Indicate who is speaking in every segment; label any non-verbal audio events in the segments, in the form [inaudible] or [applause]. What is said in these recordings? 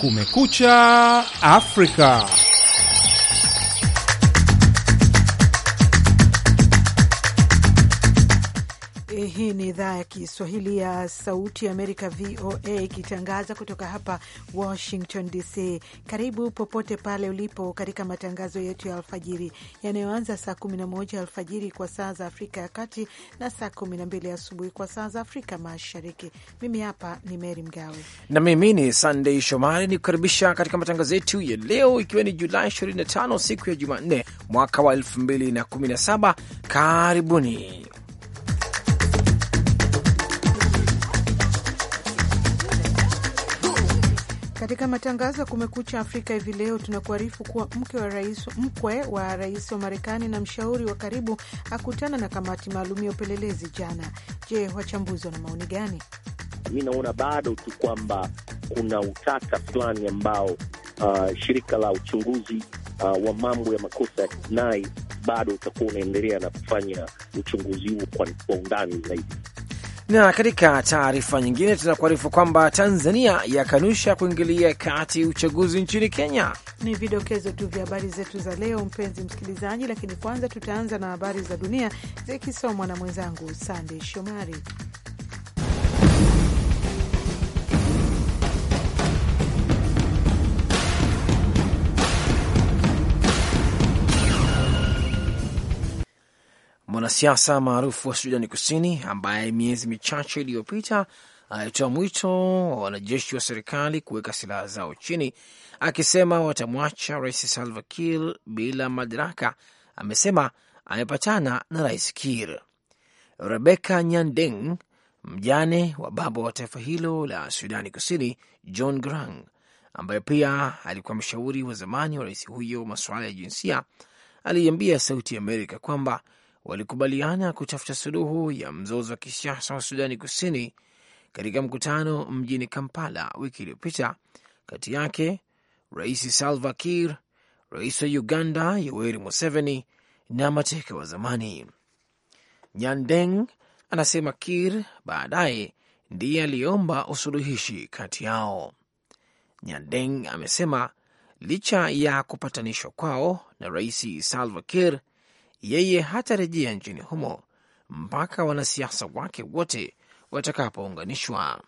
Speaker 1: Kumekucha Afrika.
Speaker 2: Hii ni idhaa ya Kiswahili ya Sauti ya Amerika, VOA, ikitangaza kutoka hapa Washington DC. Karibu popote pale ulipo katika matangazo yetu ya alfajiri yanayoanza saa 11 alfajiri kwa saa za Afrika ya Kati na saa 12 asubuhi kwa saa za Afrika Mashariki. Mimi hapa ni Meri Mgawe
Speaker 3: na mimi ni Sandei Shomari, ni kukaribisha katika matangazo yetu ya leo, ikiwa ni Julai 25 siku ya Jumanne mwaka wa 2017. Karibuni.
Speaker 2: Katika matangazo ya Kumekucha Afrika hivi leo tunakuarifu kuwa mke wa rais, mkwe wa rais wa Marekani na mshauri wa karibu akutana na kamati maalum ya upelelezi jana. Je, wachambuzi wana maoni gani?
Speaker 4: Mi naona bado tu kwamba kuna utata fulani ambao uh, shirika la uchunguzi uh, wa mambo ya makosa ya jinai bado utakuwa unaendelea na kufanya uchunguzi huo kwa undani zaidi.
Speaker 3: Na katika taarifa nyingine tunakuarifu kwamba Tanzania yakanusha kuingilia kati uchaguzi nchini Kenya.
Speaker 2: Ni vidokezo tu vya habari zetu za leo, mpenzi msikilizaji, lakini kwanza tutaanza na habari za dunia zikisomwa na mwenzangu Sandey Shomari.
Speaker 3: mwanasiasa maarufu wa Sudani Kusini ambaye miezi michache iliyopita alitoa mwito wa wanajeshi wa serikali kuweka silaha zao chini, akisema watamwacha Rais Salva Kiir bila madaraka, amesema amepatana na Rais Kiir. rebeka Nyandeng, mjane wa baba wa taifa hilo la Sudani Kusini John Grang, ambaye pia alikuwa mshauri wa zamani wa rais huyo masuala ya jinsia, aliiambia Sauti Amerika kwamba walikubaliana kutafuta suluhu ya mzozo wa kisiasa wa Sudani Kusini katika mkutano mjini Kampala wiki iliyopita kati yake Rais Salva Kiir, rais wa Uganda Yoweri Museveni na mateka wa zamani. Nyandeng anasema Kiir baadaye ndiye aliyeomba usuluhishi kati yao. Nyandeng amesema licha ya kupatanishwa kwao na Rais Salva Kiir, yeye hatarejea nchini humo mpaka wanasiasa wake wote watakapounganishwa.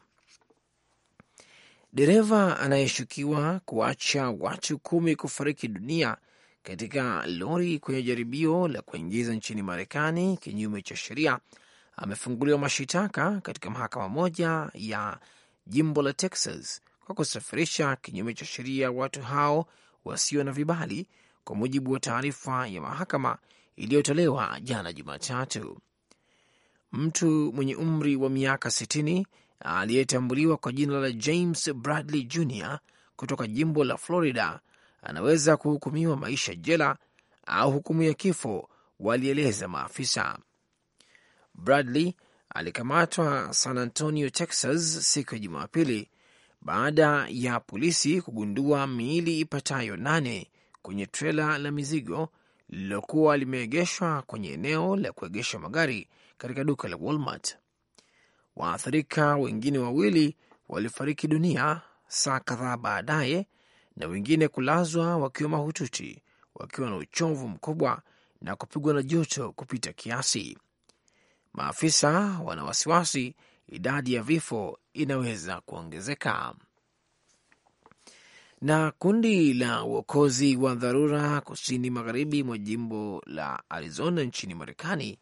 Speaker 3: Dereva anayeshukiwa kuacha watu kumi kufariki dunia katika lori kwenye jaribio la kuingiza nchini Marekani kinyume cha sheria amefunguliwa mashitaka katika mahakama moja ya jimbo la Texas kwa kusafirisha kinyume cha sheria watu hao wasio na vibali, kwa mujibu wa taarifa ya mahakama iliyotolewa jana Jumatatu. Mtu mwenye umri wa miaka 60 aliyetambuliwa kwa jina la James Bradley Jr kutoka jimbo la Florida anaweza kuhukumiwa maisha jela au hukumu ya kifo, walieleza maafisa. Bradley alikamatwa San Antonio, Texas siku ya Jumapili baada ya polisi kugundua miili ipatayo nane kwenye trela la mizigo lililokuwa limeegeshwa kwenye eneo la kuegesha magari katika duka la Walmart. Waathirika wengine wawili walifariki dunia saa kadhaa baadaye na wengine kulazwa wakiwa mahututi, wakiwa na uchovu mkubwa na kupigwa na joto kupita kiasi. Maafisa wana wasiwasi idadi ya vifo inaweza kuongezeka. Na kundi la uokozi wa dharura kusini magharibi mwa jimbo la Arizona nchini Marekani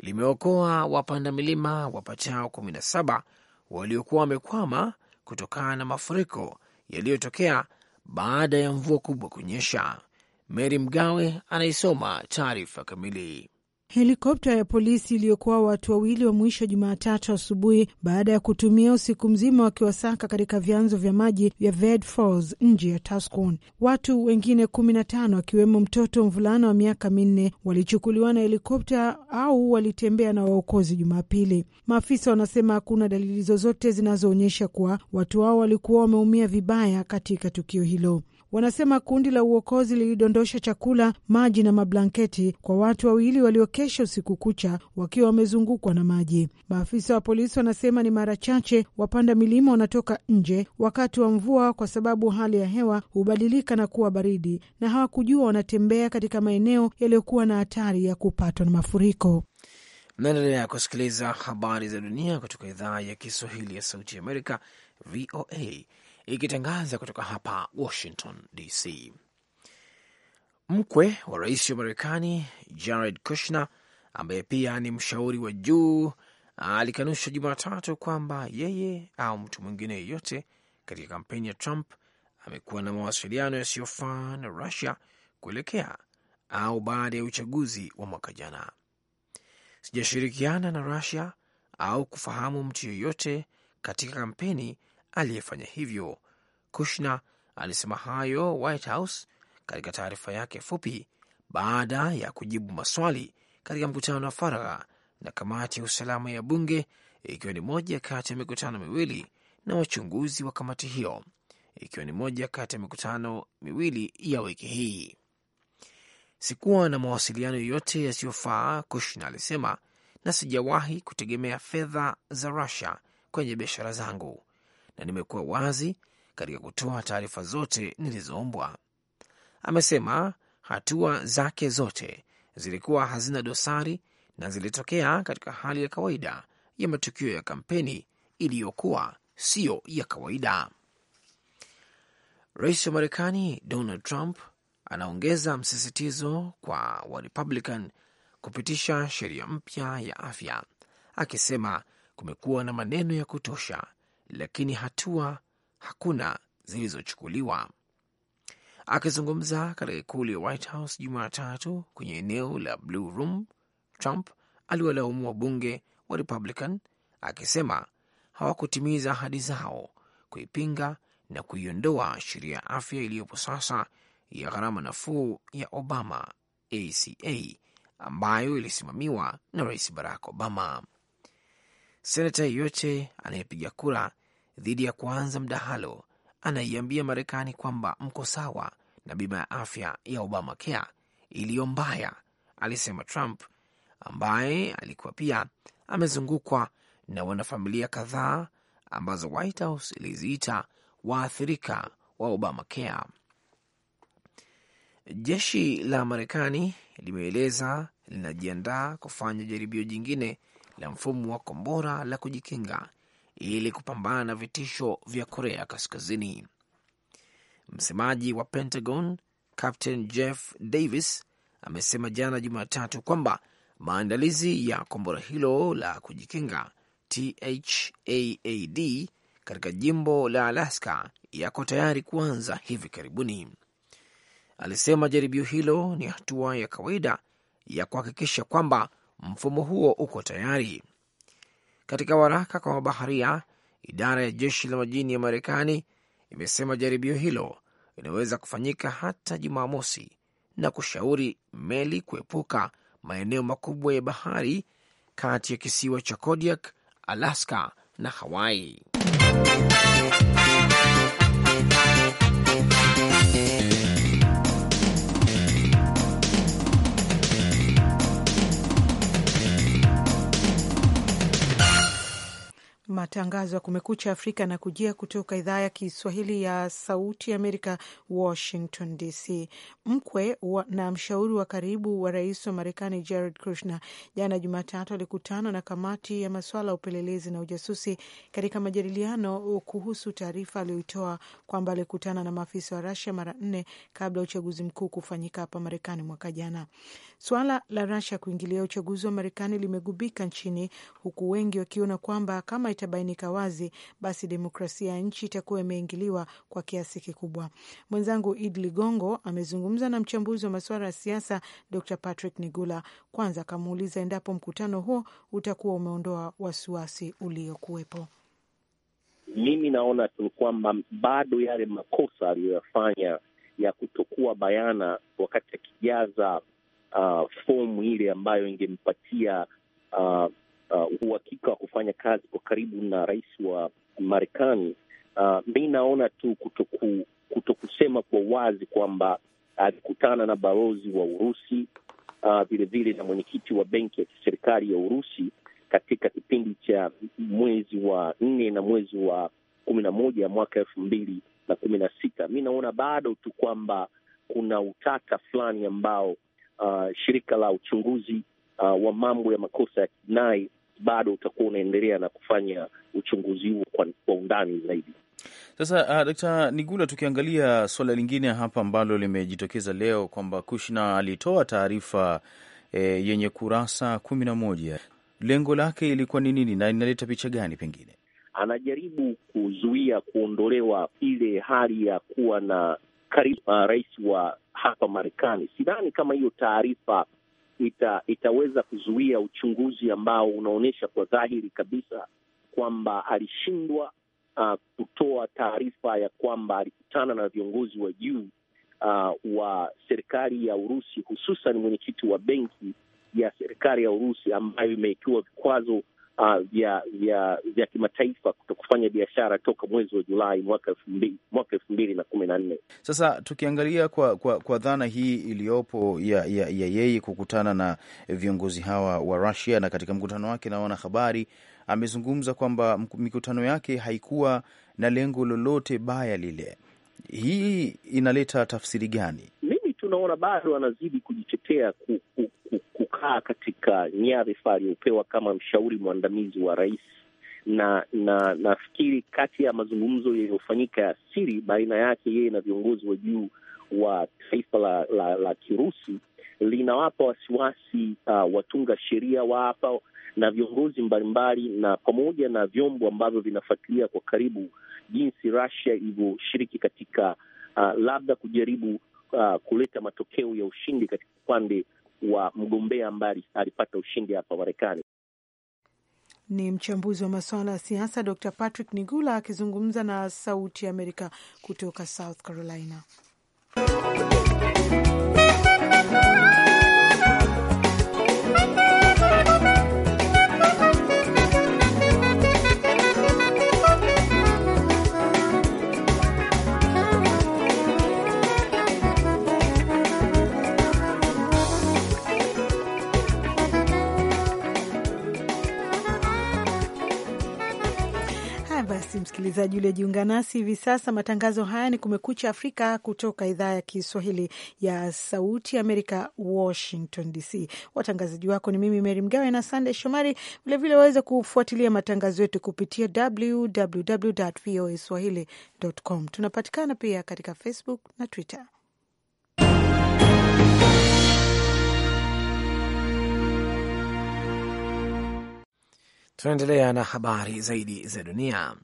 Speaker 3: limeokoa wapanda milima wapatao 17 waliokuwa wamekwama kutokana na mafuriko yaliyotokea baada ya mvua kubwa kunyesha. Mary Mgawe anaisoma taarifa kamili.
Speaker 2: Helikopta ya polisi iliyokuwa watu wawili wa mwisho Jumatatu asubuhi baada ya kutumia usiku mzima wakiwasaka katika vyanzo vya maji vya Ved Falls nje ya Tucson. Watu wengine kumi na tano akiwemo mtoto mvulana wa miaka minne walichukuliwa na helikopta au walitembea na waokozi Jumapili. Maafisa wanasema hakuna dalili zozote zinazoonyesha kuwa watu hao walikuwa wameumia vibaya katika tukio hilo. Wanasema kundi la uokozi lilidondosha chakula, maji na mablanketi kwa watu wawili waliokesha usiku kucha wakiwa wamezungukwa na maji. Maafisa wa polisi wanasema ni mara chache wapanda milima wanatoka nje wakati wa mvua kwa sababu hali ya hewa hubadilika na kuwa baridi, na hawakujua wanatembea katika maeneo yaliyokuwa na hatari ya kupatwa na mafuriko.
Speaker 3: Mnaendelea kusikiliza habari za dunia kutoka idhaa ya Kiswahili ya Sauti ya Amerika, VOA ikitangaza kutoka hapa Washington DC. Mkwe wa rais wa Marekani Jared Kushner, ambaye pia ni mshauri wa juu, alikanusha Jumatatu kwamba yeye au mtu mwingine yeyote katika kampeni ya Trump amekuwa na mawasiliano yasiyofaa na Rusia kuelekea au baada ya uchaguzi wa mwaka jana. Sijashirikiana na Rusia au kufahamu mtu yeyote katika kampeni aliyefanya hivyo. Kushner alisema hayo White House katika taarifa yake fupi baada ya kujibu maswali katika mkutano wa faragha na kamati ya usalama ya bunge, ikiwa ni moja kati ya mikutano miwili na wachunguzi wa kamati hiyo, ikiwa ni moja kati ya mikutano miwili ya wiki hii. Sikuwa na mawasiliano yoyote yasiyofaa, Kushna alisema, na sijawahi kutegemea fedha za Rusia kwenye biashara zangu na nimekuwa wazi katika kutoa taarifa zote nilizoombwa, amesema. Hatua zake zote zilikuwa hazina dosari na zilitokea katika hali ya kawaida ya matukio ya kampeni iliyokuwa siyo ya kawaida. Rais wa Marekani Donald Trump anaongeza msisitizo kwa Warepublican kupitisha sheria mpya ya afya, akisema kumekuwa na maneno ya kutosha lakini hatua hakuna zilizochukuliwa. Akizungumza katika ikulu ya White House Jumatatu kwenye eneo la Blue Room, Trump aliwalaumu wabunge wa Republican akisema hawakutimiza ahadi zao kuipinga na kuiondoa sheria ya afya iliyopo sasa ya gharama nafuu ya Obama ACA ambayo ilisimamiwa na Rais Barack Obama. Senata yeyote anayepiga kura dhidi ya kuanza mdahalo anaiambia Marekani kwamba mko sawa na bima ya afya ya Obamacare iliyo mbaya, alisema Trump ambaye alikuwa pia amezungukwa na wanafamilia kadhaa ambazo White House iliziita waathirika wa Obamacare. Jeshi la Marekani limeeleza linajiandaa kufanya jaribio jingine la mfumo wa kombora la kujikinga ili kupambana na vitisho vya Korea Kaskazini. Msemaji wa Pentagon Captain Jeff Davis amesema jana Jumatatu kwamba maandalizi ya kombora hilo la kujikinga THAAD katika jimbo la Alaska yako tayari kuanza hivi karibuni. Alisema jaribio hilo ni hatua ya kawaida ya kuhakikisha kwamba mfumo huo uko tayari. Katika waraka kwa mabaharia, idara ya jeshi la majini ya Marekani imesema jaribio hilo linaweza kufanyika hata Jumamosi na kushauri meli kuepuka maeneo makubwa ya bahari kati ya kisiwa cha Kodiak, Alaska na Hawaii.
Speaker 2: Matangazo ya Kumekucha Afrika na kujia kutoka idhaa ya Kiswahili ya Sauti Amerika, Washington DC. Mkwe wa, na mshauri wa karibu wa rais wa Marekani Jared Kushner jana Jumatatu alikutana na kamati ya masuala ya upelelezi na ujasusi katika majadiliano kuhusu taarifa aliyoitoa kwamba alikutana na maafisa wa Rasia mara nne kabla ya uchaguzi mkuu kufanyika hapa Marekani mwaka jana. Suala la rasha kuingilia uchaguzi wa Marekani limegubika nchini, huku wengi wakiona kwamba kama itabainika wazi, basi demokrasia ya nchi itakuwa imeingiliwa kwa kiasi kikubwa. Mwenzangu Id Ligongo amezungumza na mchambuzi wa masuala ya siasa Dr Patrick Nigula, kwanza akamuuliza endapo mkutano huo utakuwa umeondoa wasiwasi uliokuwepo.
Speaker 4: Mimi naona tu kwamba bado yale makosa aliyoyafanya ya kutokuwa bayana wakati akijaza uh, fomu ile ambayo ingempatia uh, uh, uhakika uh, wa kufanya kazi kwa karibu na rais wa Marekani. Uh, mi naona tu kutoku, kutokusema kwa wazi kwamba alikutana na balozi wa Urusi vilevile uh, na mwenyekiti wa benki ya kiserikali ya Urusi katika kipindi cha mwezi wa nne na mwezi wa kumi na moja mwaka elfu mbili na kumi na sita. Mi naona bado tu kwamba kuna utata fulani ambao uh, shirika la uchunguzi uh, wa mambo ya makosa ya kinai bado utakuwa unaendelea na kufanya uchunguzi huo kwa, kwa undani zaidi.
Speaker 1: Sasa uh, Dkt. Nigula, tukiangalia suala lingine hapa ambalo limejitokeza leo kwamba Kushna alitoa taarifa e, yenye kurasa kumi na moja. Lengo lake ilikuwa ni nini na inaleta picha gani? Pengine
Speaker 4: anajaribu kuzuia kuondolewa ile hali ya kuwa na karibu uh, rais wa hapa Marekani. Sidhani kama hiyo taarifa ita, itaweza kuzuia uchunguzi ambao unaonyesha kwa dhahiri kabisa kwamba alishindwa uh, kutoa taarifa ya kwamba alikutana na viongozi wa juu uh, wa serikali ya Urusi, hususan mwenyekiti wa benki ya serikali ya Urusi ambayo imewekiwa vikwazo uh, vya vya vya kimataifa kufanya biashara toka mwezi wa Julai mwaka elfu mbili na kumi na nne.
Speaker 1: Sasa tukiangalia kwa, kwa, kwa dhana hii iliyopo ya, ya, ya yeye kukutana na viongozi hawa wa Russia, na katika mkutano wake na wanahabari amezungumza kwamba mikutano yake haikuwa na lengo lolote baya lile. Hii inaleta tafsiri gani?
Speaker 4: Mimi tunaona bado anazidi kujitetea ku, ku, kukaa katika nyadhifa aliyopewa kama mshauri mwandamizi wa rais, na na nafikiri kati ya mazungumzo yaliyofanyika ya siri baina yake yeye na viongozi wa juu wa taifa la, la, la Kirusi linawapa wasiwasi uh, watunga sheria wa hapa na viongozi mbalimbali na pamoja na vyombo ambavyo vinafuatilia kwa karibu jinsi Russia ilivyoshiriki katika uh, labda kujaribu uh, kuleta matokeo ya ushindi katika upande wa mgombea ambaye alipata ushindi hapa Marekani.
Speaker 2: Ni mchambuzi wa masuala ya siasa Dr Patrick Nigula akizungumza na Sauti ya Amerika kutoka South Carolina. msikilizaji uliojiunga nasi hivi sasa, matangazo haya ni Kumekucha Afrika kutoka idhaa ya Kiswahili ya Sauti Amerika, Washington DC. Watangazaji wako ni mimi Meri Mgawe na Sandey Shomari. Vilevile waweza kufuatilia matangazo yetu kupitia www voa swahili.com. Tunapatikana pia katika Facebook na Twitter.
Speaker 3: Tunaendelea na habari zaidi za dunia.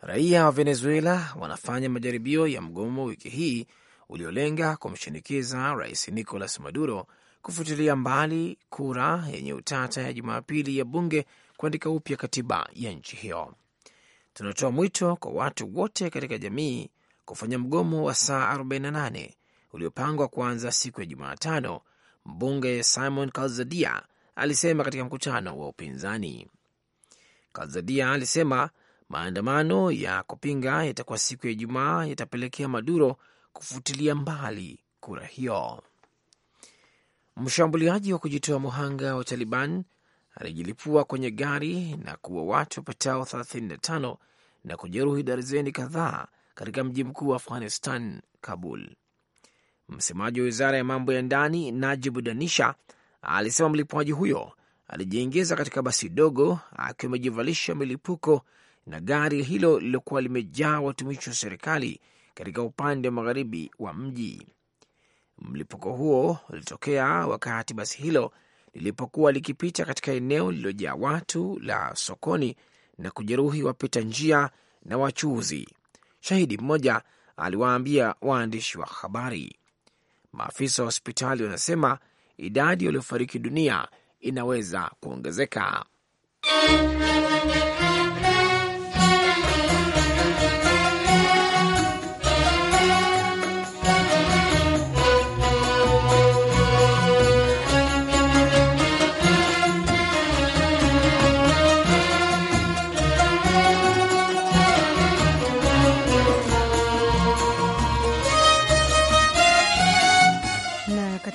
Speaker 3: Raia wa Venezuela wanafanya majaribio ya mgomo wiki hii uliolenga kumshinikiza rais Nicolas Maduro kufutilia mbali kura yenye utata ya Jumapili ya bunge kuandika upya katiba ya nchi hiyo. Tunatoa mwito kwa watu wote katika jamii kufanya mgomo wa saa 48 uliopangwa kuanza siku ya Jumatano, mbunge Simon Calzadia alisema katika mkutano wa upinzani. Calzadia alisema Maandamano ya kupinga yatakuwa siku ya Ijumaa yatapelekea Maduro kufutilia mbali kura hiyo. Mshambuliaji wa kujitoa muhanga wa Taliban alijilipua kwenye gari na kuwa watu wapatao 35 na kujeruhi darzeni kadhaa katika mji mkuu wa Afghanistan, Kabul. Msemaji wa wizara ya mambo ya ndani Najib Danisha alisema mlipuaji huyo alijiingiza katika basi dogo akiwa amejivalisha milipuko na gari hilo lililokuwa limejaa watumishi wa serikali katika upande wa magharibi wa mji. Mlipuko huo ulitokea wakati basi hilo lilipokuwa likipita katika eneo lililojaa watu la sokoni na kujeruhi wapita njia na wachuuzi. Shahidi mmoja aliwaambia waandishi wa habari. Maafisa wa hospitali wanasema idadi waliofariki dunia inaweza kuongezeka.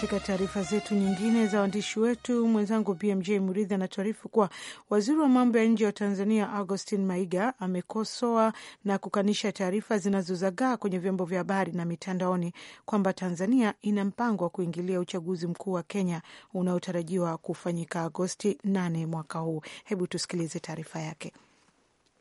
Speaker 2: Katika taarifa zetu nyingine za waandishi wetu, mwenzangu BMJ Muridhi anatuarifu kuwa waziri wa mambo ya nje wa Tanzania Augustin Maiga amekosoa na kukanisha taarifa zinazozagaa kwenye vyombo vya habari na mitandaoni kwamba Tanzania ina mpango wa kuingilia uchaguzi mkuu wa Kenya unaotarajiwa kufanyika Agosti 8 mwaka huu. Hebu tusikilize taarifa yake.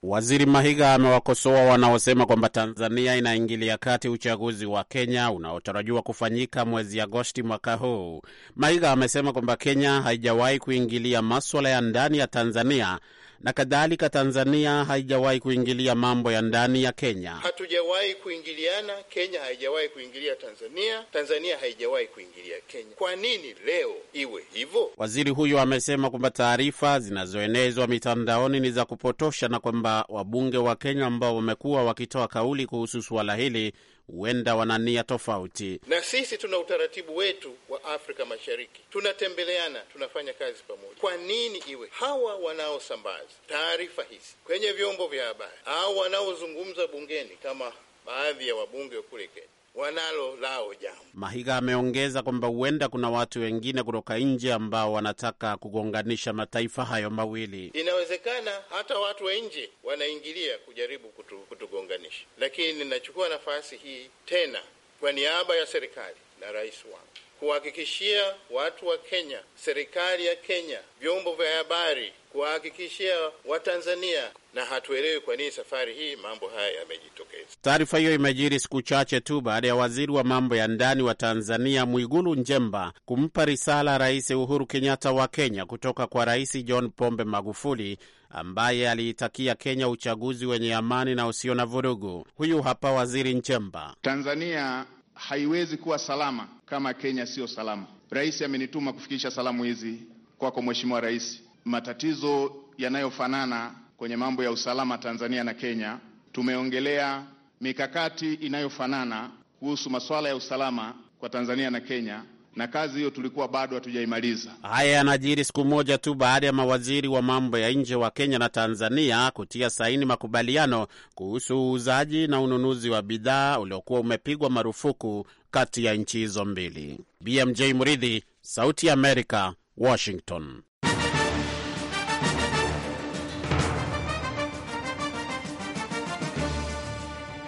Speaker 1: Waziri Mahiga amewakosoa wanaosema kwamba Tanzania inaingilia kati uchaguzi wa Kenya unaotarajiwa kufanyika mwezi Agosti mwaka huu. Mahiga amesema kwamba Kenya haijawahi kuingilia maswala ya ndani ya Tanzania na kadhalika. Tanzania haijawahi kuingilia mambo ya ndani ya Kenya, hatujawahi kuingiliana. Kenya haijawahi kuingilia Tanzania, Tanzania haijawahi kuingilia Kenya. Kwa nini leo iwe hivyo? Waziri huyo amesema kwamba taarifa zinazoenezwa mitandaoni ni za kupotosha na kwamba wabunge wa Kenya ambao wamekuwa wakitoa kauli kuhusu suala hili huenda wana nia tofauti. Na sisi tuna utaratibu wetu wa Afrika Mashariki, tunatembeleana, tunafanya kazi pamoja. Kwa nini iwe hawa wanaosambaza taarifa hizi kwenye vyombo vya habari au wanaozungumza bungeni kama baadhi ya wabunge wa kule Kenya wanalo lao jambo. Mahiga ameongeza kwamba huenda kuna watu wengine kutoka nje ambao wanataka kugonganisha mataifa hayo mawili. Inawezekana hata watu wa nje wanaingilia kujaribu kutu, kutugonganisha, lakini ninachukua nafasi hii tena kwa niaba ya serikali na rais wangu kuhakikishia watu wa Kenya, serikali ya Kenya, vyombo vya habari, kuwahakikishia Watanzania, na hatuelewi kwa nini safari hii mambo haya yamejitokeza. Taarifa hiyo imejiri siku chache tu baada ya waziri wa mambo ya ndani wa Tanzania Mwigulu Njemba kumpa risala Rais Uhuru Kenyatta wa Kenya kutoka kwa Rais John Pombe Magufuli ambaye aliitakia Kenya uchaguzi wenye amani na usio na vurugu. Huyu hapa waziri Njemba. Tanzania haiwezi kuwa salama kama Kenya siyo salama. Rais amenituma kufikisha salamu hizi kwako, Mheshimiwa Rais. Matatizo yanayofanana kwenye mambo ya usalama Tanzania na Kenya, tumeongelea mikakati inayofanana kuhusu masuala ya usalama kwa Tanzania na Kenya na kazi hiyo tulikuwa bado hatujaimaliza. Haya yanajiri siku moja tu baada ya mawaziri wa mambo ya nje wa Kenya na Tanzania kutia saini makubaliano kuhusu uuzaji na ununuzi wa bidhaa uliokuwa umepigwa marufuku kati ya nchi hizo mbili. BMJ Muridhi, Sauti ya Amerika, Washington.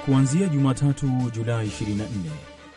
Speaker 5: Kuanzia Jumatatu Julai 24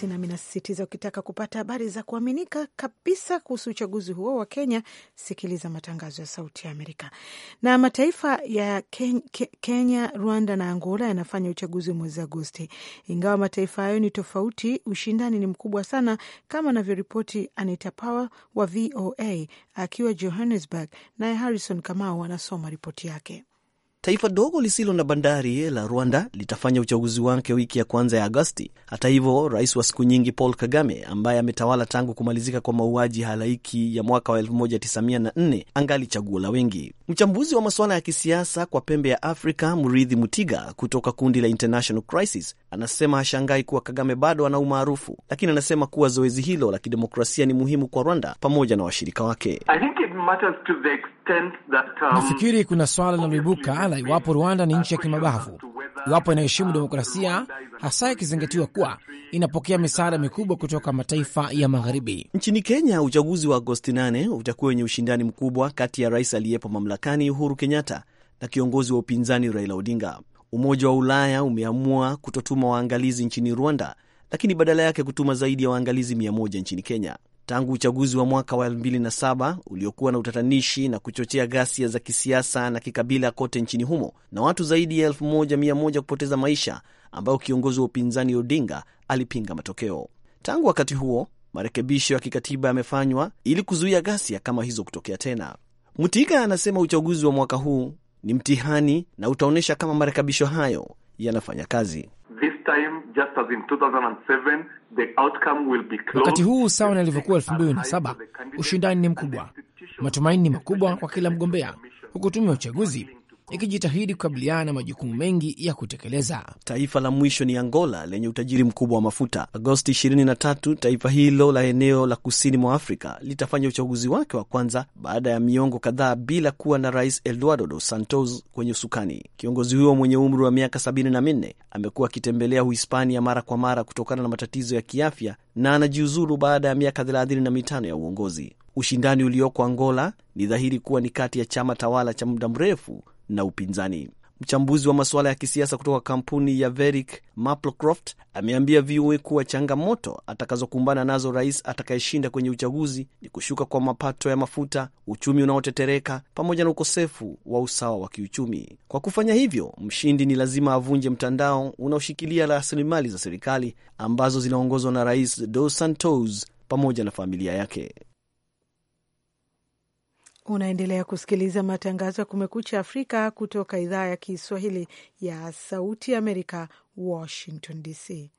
Speaker 2: basi nami nasisitiza, ukitaka kupata habari za kuaminika kabisa kuhusu uchaguzi huo wa Kenya, sikiliza matangazo ya Sauti ya Amerika. Na mataifa ya Kenya, Rwanda na Angola yanafanya uchaguzi mwezi Agosti. Ingawa mataifa hayo ni tofauti, ushindani ni mkubwa sana, kama anavyoripoti Anita Power wa VOA akiwa Johannesburg, naye Harrison Kamau anasoma ripoti yake.
Speaker 5: Taifa dogo lisilo na bandari la Rwanda litafanya uchaguzi wake wiki ya kwanza ya Agosti. Hata hivyo, rais wa siku nyingi Paul Kagame ambaye ametawala tangu kumalizika kwa mauaji halaiki ya mwaka wa 1994 angali chaguo la wengi. Mchambuzi wa masuala ya kisiasa kwa pembe ya Afrika Mridhi Mutiga kutoka kundi la International Crisis anasema hashangai kuwa Kagame bado ana umaarufu, lakini anasema kuwa zoezi hilo la kidemokrasia ni muhimu kwa Rwanda pamoja na washirika wake.
Speaker 1: Um, Nafikiri
Speaker 3: kuna swala linaloibuka la iwapo Rwanda ni nchi ya kimabavu, iwapo inaheshimu demokrasia, hasa ikizingatiwa kuwa inapokea misaada mikubwa kutoka mataifa ya magharibi.
Speaker 5: Nchini Kenya, uchaguzi wa Agosti 8 utakuwa wenye ushindani mkubwa kati ya rais aliyepo mamlakani Uhuru Kenyatta na kiongozi wa upinzani Raila Odinga. Umoja wa Ulaya umeamua kutotuma waangalizi nchini Rwanda, lakini badala yake kutuma zaidi ya waangalizi mia moja nchini Kenya tangu uchaguzi wa mwaka wa 2007 uliokuwa na utatanishi na kuchochea ghasia za kisiasa na kikabila kote nchini humo na watu zaidi ya 1100 kupoteza maisha, ambayo kiongozi wa upinzani Odinga alipinga matokeo. Tangu wakati huo, marekebisho ya kikatiba yamefanywa ili kuzuia ghasia kama hizo kutokea tena. Mutiga anasema uchaguzi wa mwaka huu ni mtihani na utaonyesha kama marekebisho hayo yanafanya kazi
Speaker 4: just as in 2007, the outcome will be close. Wakati
Speaker 5: huu sawa na
Speaker 3: ilivyokuwa 2007, ushindani ni mkubwa, matumaini ni makubwa kwa kila mgombea, huku tume ya uchaguzi ikijitahidi kukabiliana na majukumu mengi ya kutekeleza.
Speaker 5: Taifa la mwisho ni Angola lenye utajiri mkubwa wa mafuta. Agosti 23 taifa hilo la eneo la kusini mwa Afrika litafanya uchaguzi wake wa kwanza baada ya miongo kadhaa bila kuwa na rais Eduardo dos Santos kwenye usukani. Kiongozi huyo mwenye umri wa miaka 74 amekuwa akitembelea Uhispania mara kwa mara kutokana na matatizo ya kiafya na anajiuzuru baada ya miaka 35 ya uongozi. Ushindani ulioko Angola ni dhahiri kuwa ni kati ya chama tawala cha muda mrefu na upinzani. Mchambuzi wa masuala ya kisiasa kutoka kampuni ya Veric Maplecroft ameambia VOA kuwa changamoto atakazokumbana nazo rais atakayeshinda kwenye uchaguzi ni kushuka kwa mapato ya mafuta, uchumi unaotetereka, pamoja na ukosefu wa usawa wa kiuchumi. Kwa kufanya hivyo, mshindi ni lazima avunje mtandao unaoshikilia rasilimali za serikali ambazo zinaongozwa na Rais Dos Santos pamoja na familia yake.
Speaker 2: Unaendelea kusikiliza matangazo ya Kumekucha Afrika kutoka idhaa ya Kiswahili ya Sauti Amerika, Washington DC.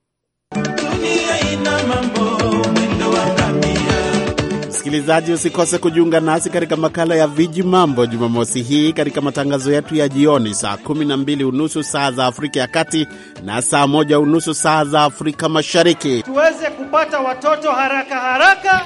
Speaker 1: Msikilizaji, usikose kujiunga nasi katika makala ya Viji Mambo Jumamosi hii katika matangazo yetu ya jioni saa 12 unusu saa za Afrika ya Kati na saa moja unusu saa za Afrika Mashariki, tuweze kupata watoto haraka haraka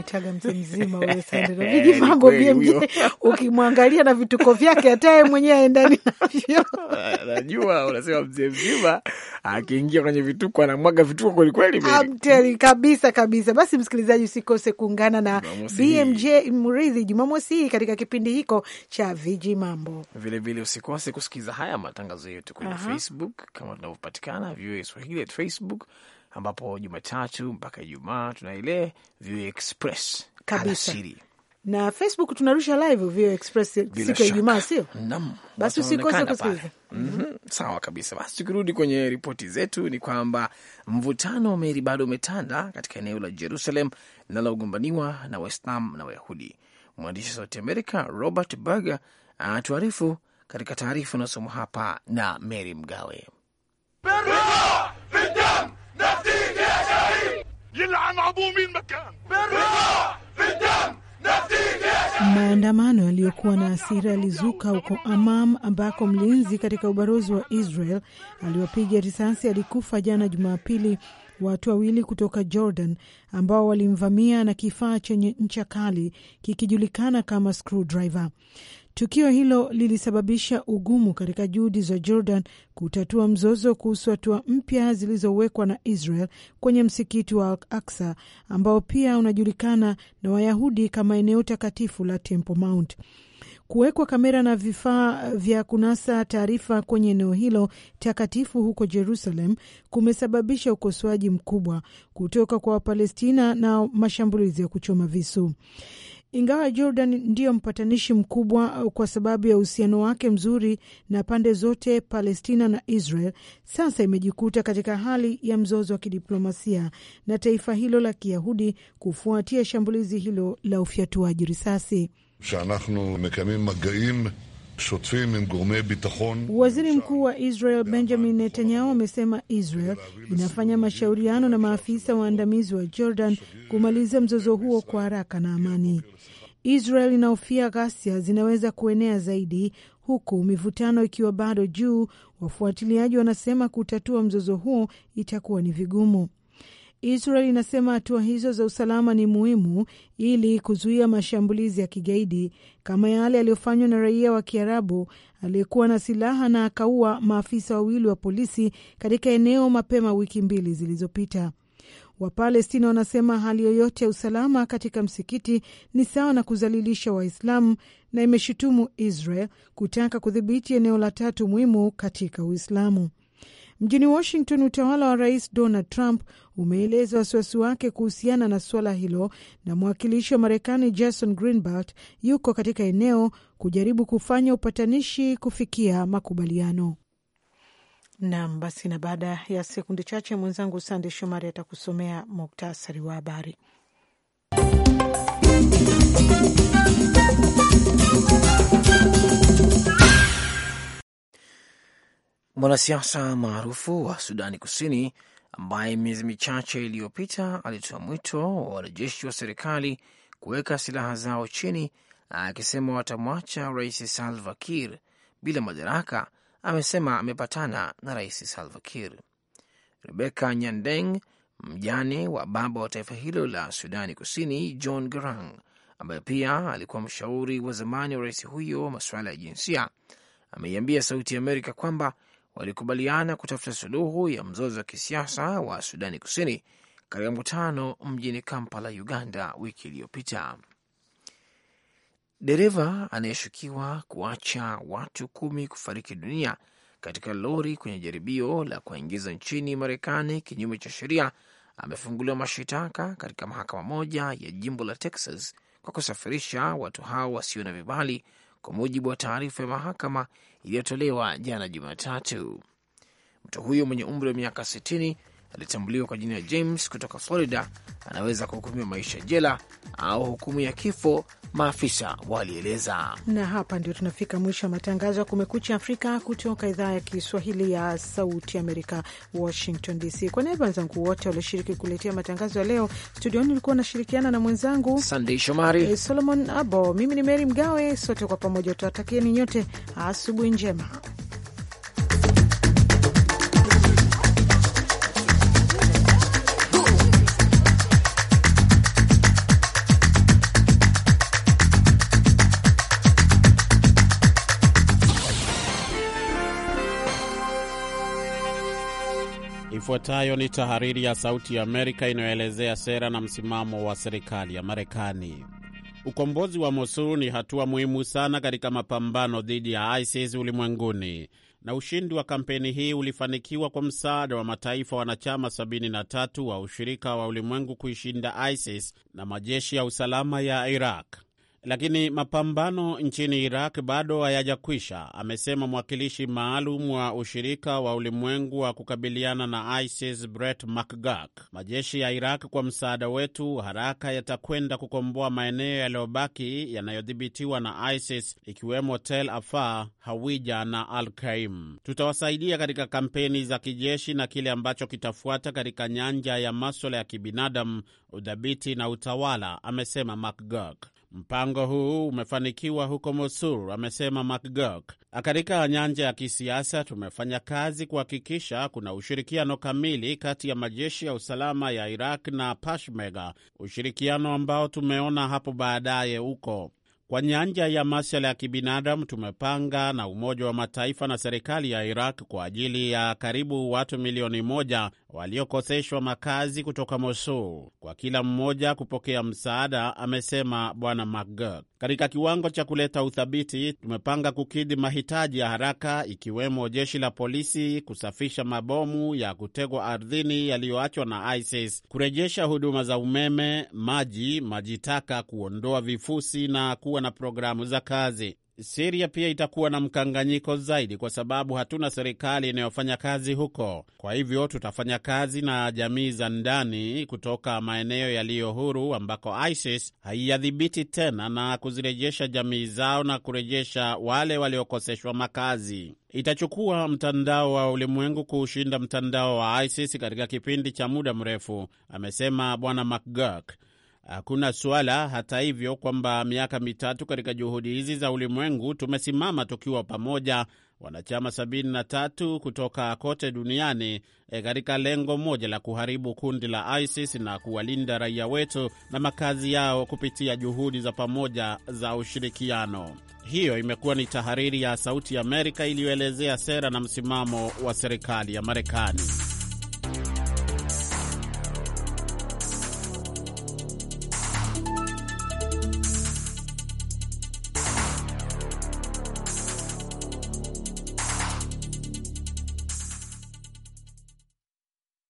Speaker 2: Mwichaga mzee mzima ule [laughs] Sandro viji BMJ, [laughs] ukimwangalia na vituko vyake hata yeye mwenyewe aendani [laughs] navyo.
Speaker 3: Ah, najua unasema mzee mzima akiingia kwenye vituko anamwaga vituko kwelikweli,
Speaker 2: amteli ah, kabisa kabisa. Basi msikilizaji, usikose kuungana na BMJ Mridhi Jumamosi hii katika kipindi hiko cha viji mambo.
Speaker 3: Vilevile usikose kusikiliza haya matangazo yetu kwenye Facebook kama tunavyopatikana VOA Swahili at Facebook ambapo Jumatatu mpaka Ijumaa tuna ile VOA Express
Speaker 2: alasiri na Facebook tunarusha live VOA Express siku ya Ijumaa, sio
Speaker 3: nam? Basi usikose kusikiliza. mm -hmm. Sawa kabisa. Basi tukirudi kwenye ripoti zetu, ni kwamba mvutano wa meri bado umetanda katika eneo la Jerusalem linalogombaniwa na Waislam na Wayahudi. Mwandishi wa Sauti Amerika Robert Berger anatuarifu katika taarifa inayosomwa hapa na Meri Mgawe Berger!
Speaker 2: يلعن ابو مين مكان بالروح بالدم Maandamano yaliyokuwa na hasira yalizuka huko Amam ambako mlinzi katika ubalozi wa Israel aliwapiga risasi alikufa jana Jumapili watu wawili kutoka Jordan ambao walimvamia na kifaa chenye ncha kali kikijulikana kama screwdriver. Tukio hilo lilisababisha ugumu katika juhudi za Jordan kutatua mzozo kuhusu hatua mpya zilizowekwa na Israel kwenye msikiti wa Al-Aqsa ambao pia unajulikana na Wayahudi kama eneo takatifu la Temple Mount. Kuwekwa kamera na vifaa vya kunasa taarifa kwenye eneo hilo takatifu huko Jerusalem kumesababisha ukosoaji mkubwa kutoka kwa Wapalestina na mashambulizi ya kuchoma visu. Ingawa Jordan ndiyo mpatanishi mkubwa uh, kwa sababu ya uhusiano wake mzuri na pande zote, Palestina na Israel, sasa imejikuta katika hali ya mzozo wa kidiplomasia na taifa hilo la Kiyahudi kufuatia shambulizi hilo la ufyatuaji risasi. Waziri mkuu wa Israel Benjamin Netanyahu amesema Israel inafanya mashauriano na maafisa waandamizi wa Jordan kumaliza mzozo huo kwa haraka na amani. Israel inahofia ghasia zinaweza kuenea zaidi, huku mivutano ikiwa bado juu. Wafuatiliaji wanasema kutatua mzozo huo itakuwa ni vigumu. Israel inasema hatua hizo za usalama ni muhimu ili kuzuia mashambulizi ya kigaidi kama yale yaliyofanywa na raia wa Kiarabu aliyekuwa na silaha na akaua maafisa wawili wa polisi katika eneo mapema wiki mbili zilizopita. Wapalestina wanasema hali yoyote ya usalama katika msikiti ni sawa na kuzalilisha Waislamu na imeshutumu Israel kutaka kudhibiti eneo la tatu muhimu katika Uislamu. Mjini Washington, utawala wa rais Donald Trump umeeleza wasiwasi wake kuhusiana na suala hilo, na mwakilishi wa Marekani Jason Greenblatt yuko katika eneo kujaribu kufanya upatanishi kufikia makubaliano. Nam basi, na baada ya sekunde chache mwenzangu Sande Shomari atakusomea muktasari wa habari.
Speaker 3: Mwanasiasa maarufu wa Sudani Kusini ambaye miezi michache iliyopita alitoa mwito wa wanajeshi wa serikali kuweka silaha zao chini, akisema watamwacha Rais Salva Kiir bila madaraka, amesema amepatana na Rais Salva Kiir. Rebeka Nyandeng, mjane wa baba wa taifa hilo la Sudani Kusini John Garang, ambaye pia alikuwa mshauri wa zamani wa rais huyo masuala ya jinsia, ameiambia Sauti ya Amerika kwamba walikubaliana kutafuta suluhu ya mzozo wa kisiasa wa Sudani Kusini katika mkutano mjini Kampala, Uganda, wiki iliyopita. Dereva anayeshukiwa kuacha watu kumi kufariki dunia katika lori kwenye jaribio la kuingiza nchini Marekani kinyume cha sheria amefunguliwa mashitaka katika mahakama moja ya jimbo la Texas kwa kusafirisha watu hao wasio na vibali kwa mujibu wa taarifa ya mahakama iliyotolewa jana Jumatatu. Mtu huyo mwenye umri wa miaka sitini alitambuliwa kwa jina ya James kutoka Florida anaweza kuhukumiwa maisha jela au hukumu ya kifo, maafisa walieleza.
Speaker 2: Na hapa ndio tunafika mwisho wa matangazo ya Kumekucha Afrika kutoka idhaa ya Kiswahili ya Sauti Amerika, Washington DC. Kwa niaba wenzangu wote walioshiriki kuletea matangazo ya leo, studioni ulikuwa anashirikiana na mwenzangu Sandei Shomari, eh, Solomon Abo, mimi ni Meri Mgawe. Sote kwa pamoja tuatakieni nyote asubuhi njema.
Speaker 1: Ifuatayo ni tahariri ya Sauti ya Amerika inayoelezea sera na msimamo wa serikali ya Marekani. Ukombozi wa Mosul ni hatua muhimu sana katika mapambano dhidi ya ISIS ulimwenguni, na ushindi wa kampeni hii ulifanikiwa kwa msaada wa mataifa wanachama 73 wa ushirika wa ulimwengu kuishinda ISIS na majeshi ya usalama ya Iraq lakini mapambano nchini Iraq bado hayajakwisha, amesema mwakilishi maalum wa ushirika wa ulimwengu wa kukabiliana na ISIS Brett McGurk. Majeshi ya Iraq kwa msaada wetu haraka yatakwenda kukomboa maeneo yaliyobaki yanayodhibitiwa na ISIS ikiwemo Tel Afar, Hawija na al Kaim. Tutawasaidia katika kampeni za kijeshi na kile ambacho kitafuata katika nyanja ya maswala ya kibinadamu, udhabiti na utawala, amesema McGurk. Mpango huu umefanikiwa huko Mosul, amesema McGurk. Katika nyanja ya kisiasa, tumefanya kazi kuhakikisha kuna ushirikiano kamili kati ya majeshi ya usalama ya Iraq na Peshmerga, ushirikiano ambao tumeona hapo baadaye huko kwa nyanja ya maswala ya kibinadamu tumepanga na Umoja wa Mataifa na serikali ya Iraq kwa ajili ya karibu watu milioni moja waliokoseshwa makazi kutoka Mosul, kwa kila mmoja kupokea msaada, amesema Bwana McGurk. Katika kiwango cha kuleta uthabiti, tumepanga kukidhi mahitaji ya haraka, ikiwemo jeshi la polisi kusafisha mabomu ya kutegwa ardhini yaliyoachwa na ISIS, kurejesha huduma za umeme, maji, maji taka, kuondoa vifusi na kuwa na programu za kazi. Siria pia itakuwa na mkanganyiko zaidi, kwa sababu hatuna serikali inayofanya kazi huko. Kwa hivyo tutafanya kazi na jamii za ndani kutoka maeneo yaliyo huru ambako ISIS haiyadhibiti tena, na kuzirejesha jamii zao na kurejesha wale waliokoseshwa makazi. Itachukua mtandao wa ulimwengu kuushinda mtandao wa ISIS katika kipindi cha muda mrefu, amesema Bwana McGurk. Hakuna suala hata hivyo kwamba miaka mitatu katika juhudi hizi za ulimwengu tumesimama tukiwa pamoja, wanachama 73 kutoka kote duniani e, katika lengo moja la kuharibu kundi la ISIS na kuwalinda raia wetu na makazi yao kupitia juhudi za pamoja za ushirikiano. Hiyo imekuwa ni tahariri ya Sauti ya Amerika iliyoelezea sera na msimamo wa serikali ya Marekani.